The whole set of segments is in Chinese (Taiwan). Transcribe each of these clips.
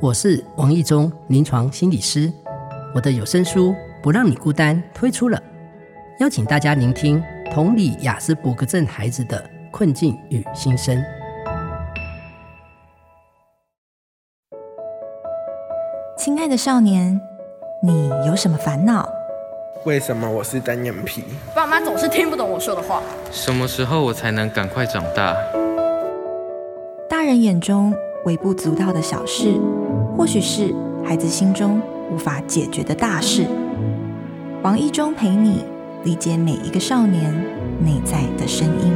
我是王意中，臨床心理師。我的有聲書《不讓你孤單》推出了，邀請大家聆聽，同理亞斯伯格症孩子的困境與心聲。親愛的少年，你有什麼煩惱？為什麼我是單眼皮？爸媽總是聽不懂我說的話。什麼時候我才能趕快長大？大人眼中微不足道的小事。或許是孩子心中無法解決的大事。王意中陪你理解每一個少年內在的聲音。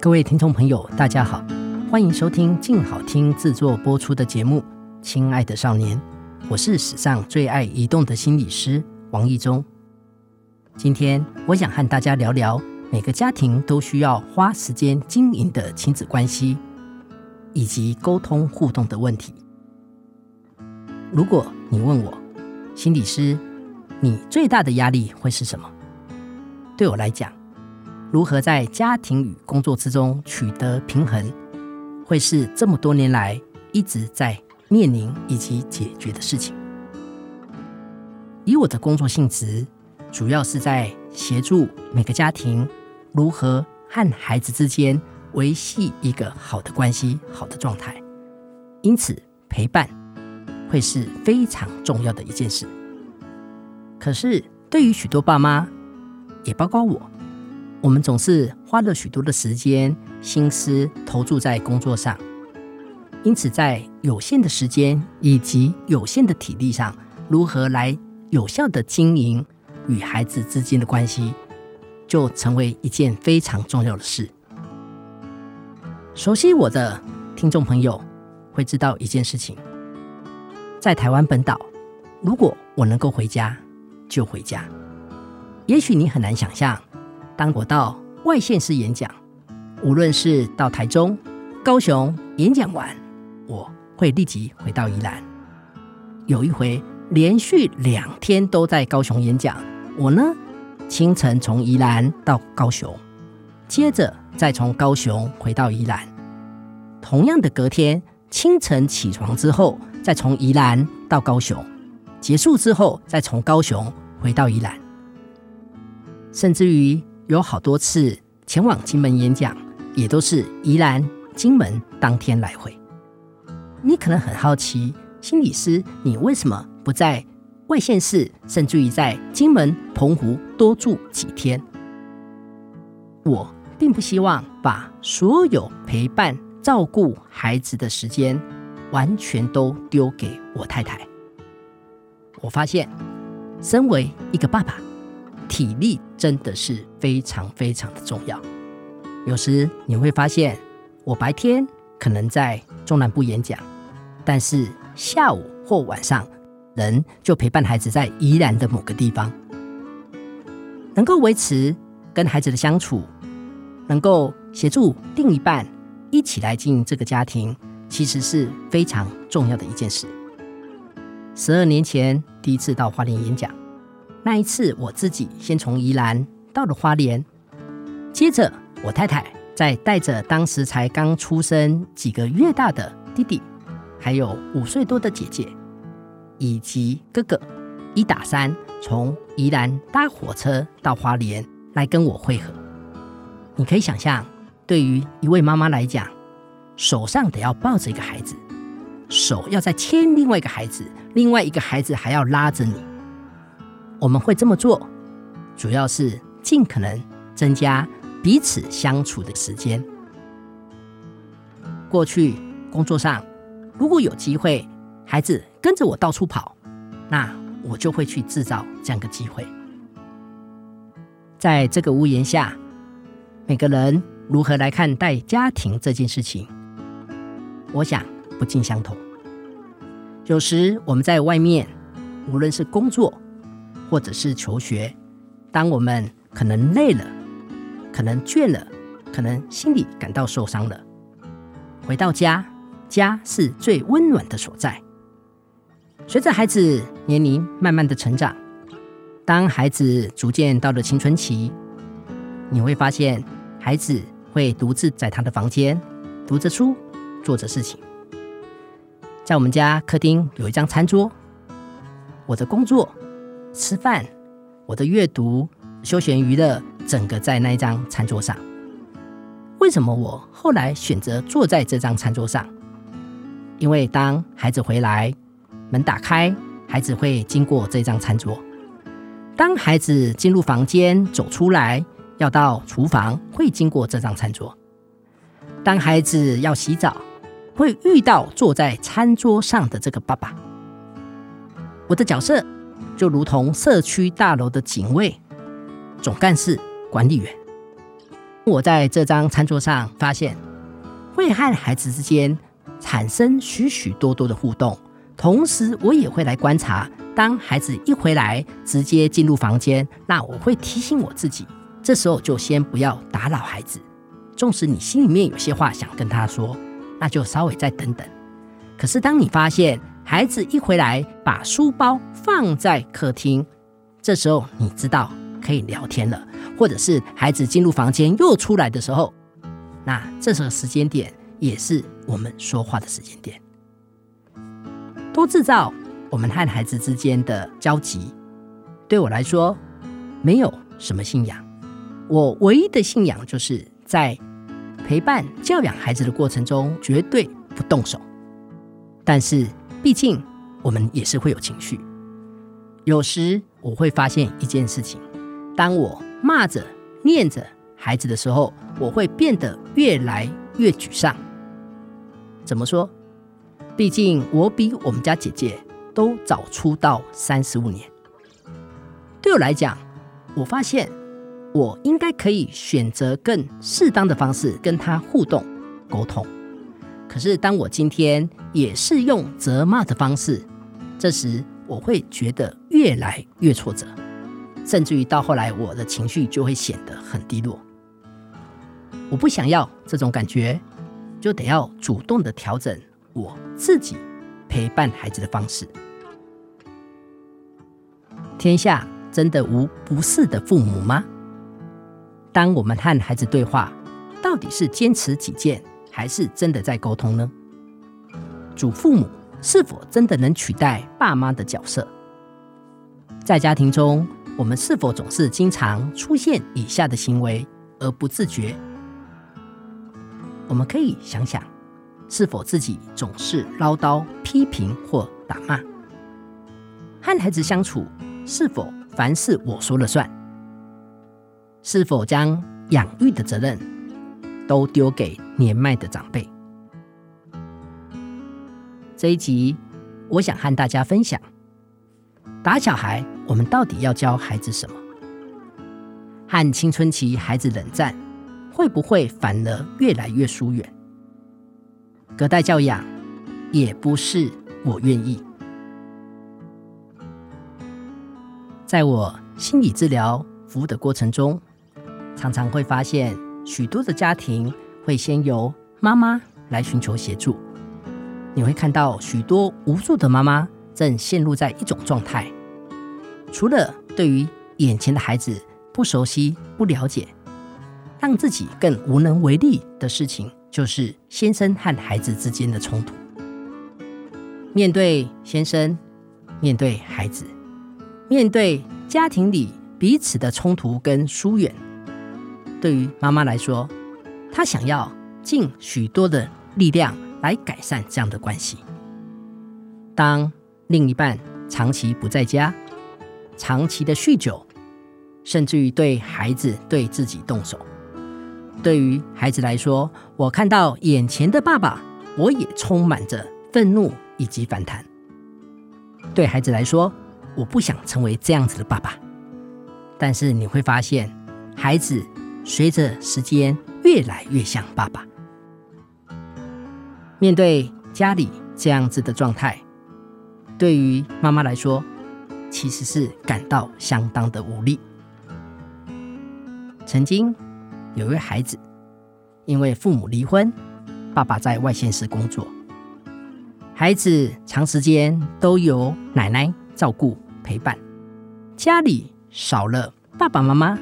各位聽眾朋友，大家好。歡迎收聽靜好聽制作播出的節目《親愛的少年》，我是史上最愛移動的心理師王意中。今天我想和大家聊聊每個家庭都需要花時間經營的親子關係，以及溝通互動的問題。如果你問我，心理師，你最大的壓力會是什麼？對我來講，如何在家庭與工作之中取得平衡？會是這麼多年來一直在面臨以及解決的事情。以我的工作性質，主要是在協助每個家庭如何和孩子之間維繫一個好的關係、好的狀態。因此，陪伴會是非常重要的一件事。可是，對於許多爸媽，也包括我，我們總是花了許多的時間。心思投注在工作上，因此在有限的時間以及有限的體力上，如何來有效的經營與孩子之間的關係，就成為一件非常重要的事。熟悉我的聽眾朋友會知道一件事情，在台灣本島，如果我能夠回家，就回家。也許你很難想象，當我到外縣市演講。無論是到台中、高雄演講完，我會立即回到宜蘭。有一回連續兩天都在高雄演講，我呢，清晨從宜蘭到高雄，接着再從高雄回到宜蘭。同樣的，隔天清晨起床之後，再從宜蘭到高雄，結束之後再從高雄回到宜蘭。甚至於有好多次前往金門演講。也都是宜蘭、金門當天來回。你可能很好奇，心理師，你為什麼不在外縣市，甚至於在金門、澎湖多住幾天？我並不希望把所有陪伴、照顧孩子的時間，完全都丟給我太太。我發現，身為一個爸爸，體力真的是非常非常的重要。有時你會發現，我白天可能在中南部演講，但是下午或晚上，人就陪伴孩子在宜蘭的某個地方，能夠維持跟孩子的相處，能夠協助另一半一起來經營這個家庭，其實是非常重要的一件事。十二年前第一次到花蓮演講，那一次我自己先從宜蘭到了花蓮，接着，我太太在帶着當時才剛出生幾個月大的弟弟，還有五歲多的姐姐，以及哥哥，一打三從宜蘭搭火車到花蓮來跟我會合。你可以想象，對於一位媽媽來講，手上得要抱着一個孩子，手要再牽另外一個孩子，另外一個孩子還要拉着你。我們會這麼做，主要是盡可能增加。彼此相處的時間。過去工作上，如果有機會，孩子跟着我到處跑，那我就會去製造這樣的機會。在這個屋檐下，每個人如何來看待家庭這件事情，我想不盡相同。有時我們在外面，無論是工作或者是求學，當我們可能累了。可能倦了，可能心裡感到受傷了。回到家，家是最溫暖的所在。隨着孩子年齡慢慢的成長，當孩子逐漸到了青春期，你會發現孩子會獨自在他的房間讀着書，做着事情。在我們家客廳有一張餐桌，我的工作、吃飯、我的閱讀。休閒娛樂，整個在那一張餐桌上。為什麼我後來選擇坐在這張餐桌上？因為當孩子回來，門打開，孩子會經過這張餐桌；當孩子進入房間走出來，要到廚房，會經過這張餐桌；當孩子要洗澡，會遇到坐在餐桌上的這個爸爸。我的角色就如同社區大樓的警衛。總幹事管理員，我在這張餐桌上發現，會和孩子之間產生許許多多的互動。同時，我也會來觀察，當孩子一回來直接進入房間，那我會提醒我自己，這時候就先不要打擾孩子。縱使你心裡面有些話想跟他說，那就稍微再等等。可是，當你發現孩子一回來把書包放在客廳，這時候你知道。可以聊天了，或者是孩子進入房間又出來的時候，那這時候時間點也是我們說話的時間點。多製造我們和孩子之間的交集。對我來說，沒有什麼信仰，我唯一的信仰就是在陪伴教養孩子的過程中絕對不動手。但是，畢竟我們也是會有情緒，有時我會發現一件事情。當我罵着念着孩子的時候，我會變得越來越沮喪。怎麼說？畢竟我比我們家姐姐都早出道三十五年。對我來講，我發現我應該可以選擇更適當的方式跟她互動溝通。可是當我今天也是用責罵的方式，這時我會覺得越來越挫折。甚至於到後來，我的情緒就會顯得很低落。我不想要這種感覺，就得要主動的調整我自己陪伴孩子的方式。天下真的無不是的父母嗎？當我們和孩子對話，到底是堅持己見，還是真的在溝通呢？祖父母是否真的能取代爸媽的角色？在家庭中。我們是否總是經常出現以下的行為而不自覺？我們可以想想，是否自己總是嘮叨、批評或打罵？和孩子相處，是否凡事我說了算？是否將養育的責任都丟給年邁的長輩？這一集，我想和大家分享。打小孩，我們到底要教孩子什麼？和青春期孩子冷戰，會不會反而越來越疏遠？隔代教養也不是我願意。在我心理治療服務的過程中，常常會發現許多的家庭會先由媽媽來尋求協助。你會看到許多無助的媽媽。正陷入在一種狀態，除了對於眼前的孩子不熟悉、不了解，讓自己更無能為力的事情，就是先生和孩子之間的衝突。面對先生，面對孩子，面對家庭裡彼此的衝突跟疏遠，對於媽媽來說，她想要盡許多的力量來改善這樣的關係。當另一半長期不在家，長期的酗酒，甚至於對孩子、對自己動手。對於孩子來說，我看到眼前的爸爸，我也充滿着憤怒以及反彈。對孩子來說，我不想成為這樣子的爸爸。但是你會發現，孩子隨着時間越來越像爸爸。面對家裡這樣子的狀態。對於媽媽來說，其實是感到相當的無力。曾經有一位孩子，因為父母離婚，爸爸在外縣市工作，孩子長時間都由奶奶照顧陪伴，家裡少了爸爸媽媽，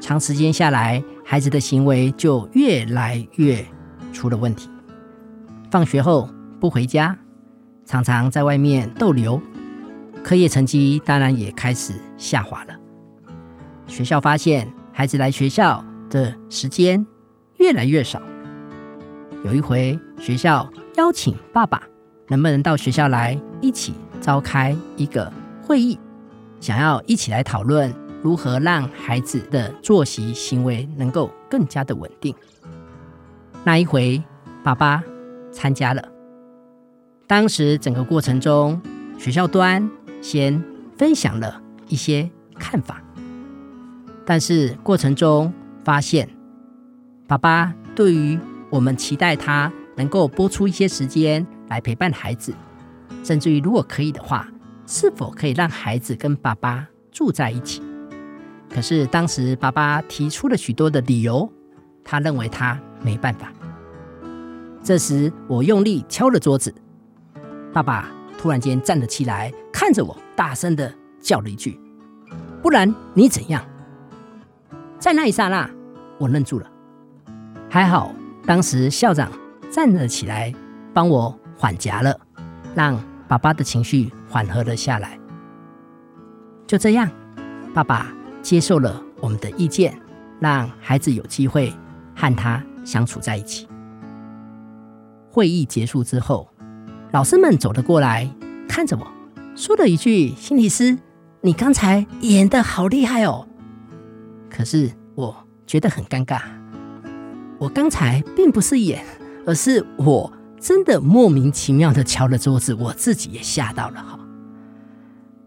長時間下來，孩子的行為就越來越出了問題。放學後不回家。常常在外面逗留，課業成績當然也開始下滑了。學校發現孩子來學校的時間越來越少。有一回，學校邀請爸爸，能不能到學校來一起召開一個會議，想要一起來討論如何讓孩子的作息行為能夠更加的穩定。那一回，爸爸參加了。當時整個過程中，學校端先分享了一些看法，但是過程中發現，爸爸對於我們期待他能夠撥出一些時間來陪伴孩子，甚至於如果可以的話，是否可以讓孩子跟爸爸住在一起？可是當時爸爸提出了許多的理由，他認為他沒辦法。這時我用力敲了桌子。爸爸突然間站了起來，看着我，大聲的叫了一句：“不然你怎樣？”在那一剎那，我愣住了。還好，當時校長站了起來，幫我緩頰了，讓爸爸的情緒緩和了下來。就這樣，爸爸接受了我們的意見，讓孩子有機會和他相處在一起。會議結束之後。老師們走了過來，看着我說了一句：“心理師，你剛才演得好厲害哦。”可是我覺得很尷尬，我剛才並不是演，而是我真的莫名其妙地敲了桌子，我自己也嚇到了。哈。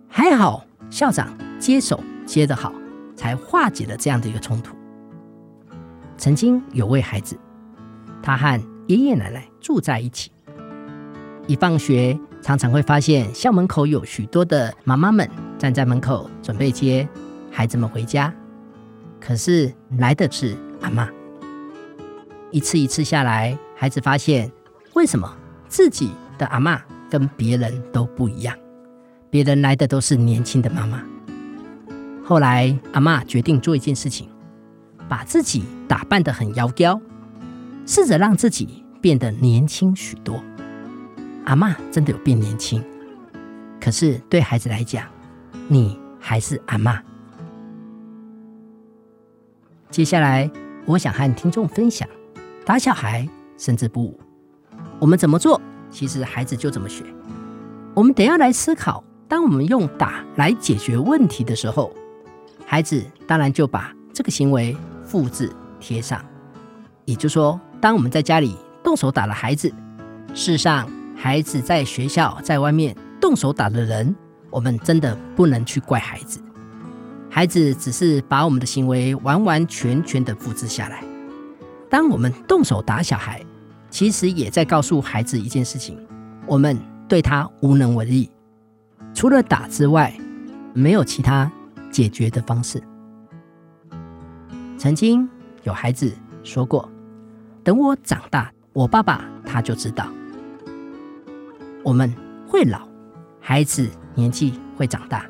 還好校長接手接得好，才化解了這樣的一個衝突。曾經有位孩子，他和爺爺奶奶住在一起。一放學，常常會發現校門口有許多的媽媽們站在門口準備接孩子們回家。可是來的是阿嬤。一次一次下來，孩子發現，為什麼自己的阿嬤跟別人都不一樣？別人來的都是年輕的媽媽。後來，阿嬤決定做一件事情，把自己打扮得很妖嬌，試着讓自己變得年輕許多。阿嬤真的有變年輕，可是對孩子來講，你還是阿嬤。接下來，我想和聽眾分享：打小孩勝之不武，我們怎麼做？其實孩子就怎麼學。我們得要來思考：當我們用打來解決問題的時候，孩子當然就把這個行為複製貼上。也就是說，當我們在家裡動手打了孩子，事實上。孩子在學校，在外面動手打的人，我們真的不能去怪孩子。孩子只是把我們的行為完完全全的複製下來。當我們動手打小孩，其實也在告訴孩子一件事情：我們對他無能為力，除了打之外，沒有其他解決的方式。曾經有孩子說過：“等我長大，我爸爸他就知道。”我們會老，孩子年紀會長大。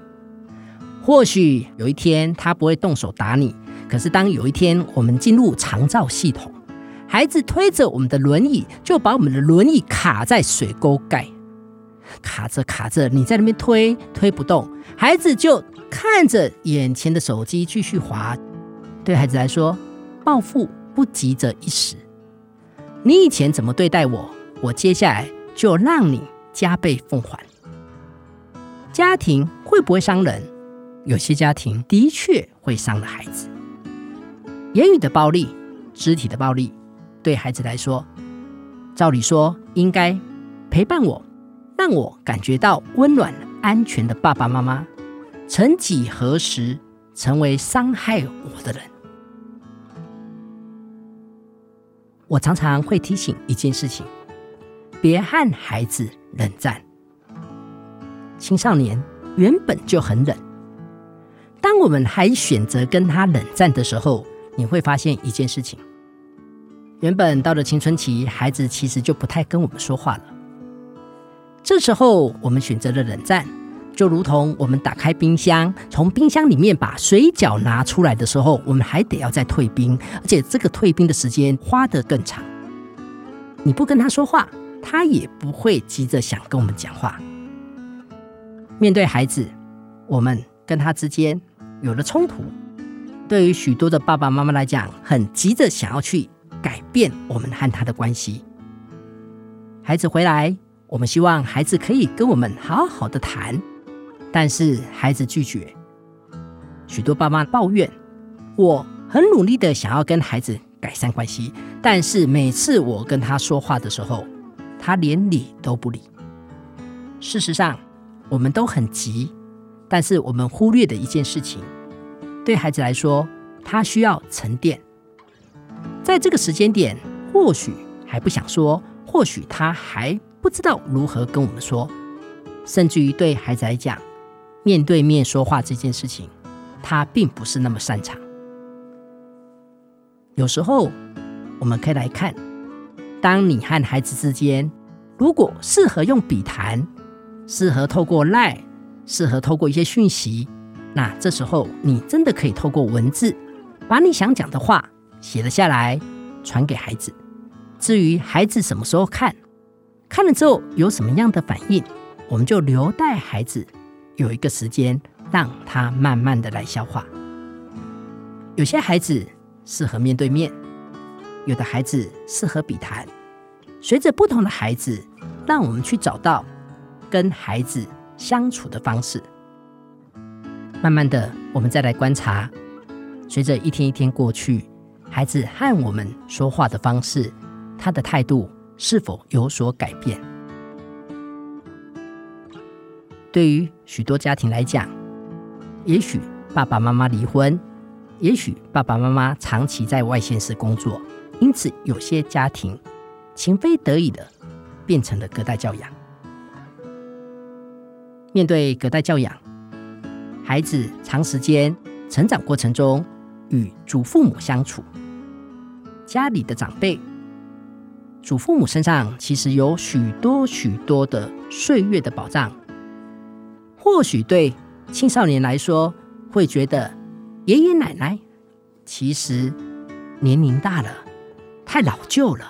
或許有一天他不會動手打你，可是當有一天我們進入長照系統，孩子推着我們的輪椅，就把我們的輪椅卡在水溝蓋，卡着卡着，你在那邊推，推不動，孩子就看着眼前的手機繼續滑。對孩子來說，報復不急着一時。你以前怎麼對待我，我接下來就讓你，加倍奉還。家庭會不會傷人？有些家庭的確會傷了孩子。言語的暴力、肢體的暴力，對孩子來說，照理說應該陪伴我、讓我感覺到溫暖、安全的爸爸媽媽，曾幾何時成為傷害我的人。我常常會提醒一件事情：別恨孩子。冷戰，青少年原本就很冷。當我們還選擇跟他冷戰的時候，你會發現一件事情。原本到了青春期，孩子其實就不太跟我們說話了。這時候我們選擇了冷戰，就如同我們打開冰箱，從冰箱裡面把水餃拿出來的時候，我們還得要再退冰，而且這個退冰的時間花得更長。你不跟他說話。他也不會急着想跟我們講話。面對孩子，我們跟他之間有了衝突，對於許多的爸爸媽媽來講，很急着想要去改變我們和他的關係。孩子回來，我們希望孩子可以跟我們好好的談，但是孩子拒絕，許多爸媽抱怨，我很努力的想要跟孩子改善關係，但是每次我跟他說話的時候。他連理都不理。事實上，我們都很急，但是我們忽略的一件事情，對孩子來說，他需要沉澱。在這個時間點，或許還不想說，或許他還不知道如何跟我們說，甚至於對孩子來講，面對面說話這件事情，他並不是那麼擅長。有時候，我們可以來看。當你和孩子之間如果適合用筆談，適合透過賴，適合透過一些訊息，那這時候你真的可以透過文字把你想講的話寫了下來，傳給孩子。至於孩子什麼時候看，看了之後有什麼樣的反應，我們就留待孩子有一個時間，讓他慢慢的來消化。有些孩子適合面對面。有的孩子適合筆談。隨着不同的孩子，讓我們去找到跟孩子相處的方式。慢慢的，我們再來觀察，隨着一天一天過去，孩子和我們說話的方式，他的態度是否有所改變？對於許多家庭來講，也許爸爸媽媽離婚，也許爸爸媽媽長期在外縣市工作。因此，有些家庭情非得已的變成了隔代教養。面對隔代教養，孩子長時間成長過程中與祖父母相處，家裡的長輩、祖父母身上其實有許多許多的歲月的保障，或許對青少年來說，會覺得爺爺奶奶其實年齡大了。太老舊了，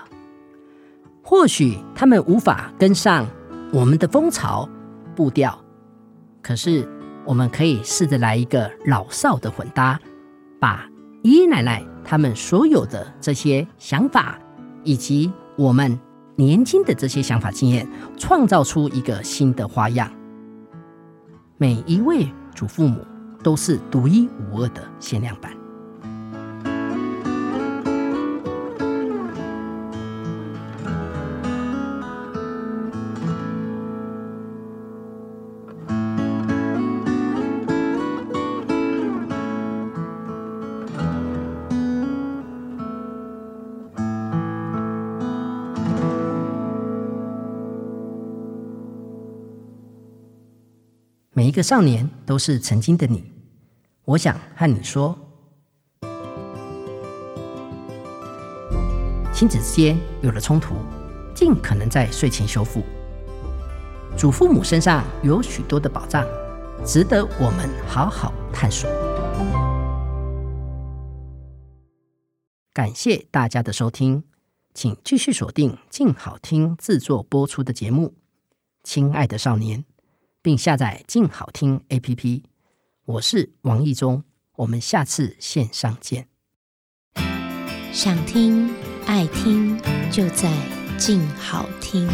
或許他們無法跟上我們的風潮步調，可是我們可以試着來一個老少的混搭，把爺爺奶奶他們所有的這些想法，以及我們年輕的這些想法經驗，創造出一個新的花樣。每一位祖父母都是獨一無二的限量版。這個少年都是曾經的你，我想和你說：親子之間有了衝突，盡可能在睡前修復。祖父母身上有許多的寶藏，值得我們好好探索。感謝大家的收聽，請繼續鎖定靜好聽製作播出的節目，親愛的少年，並下載“靜好聽 ”APP，我是王意中，我們下次線上見。想聽、愛聽就在“靜好聽”。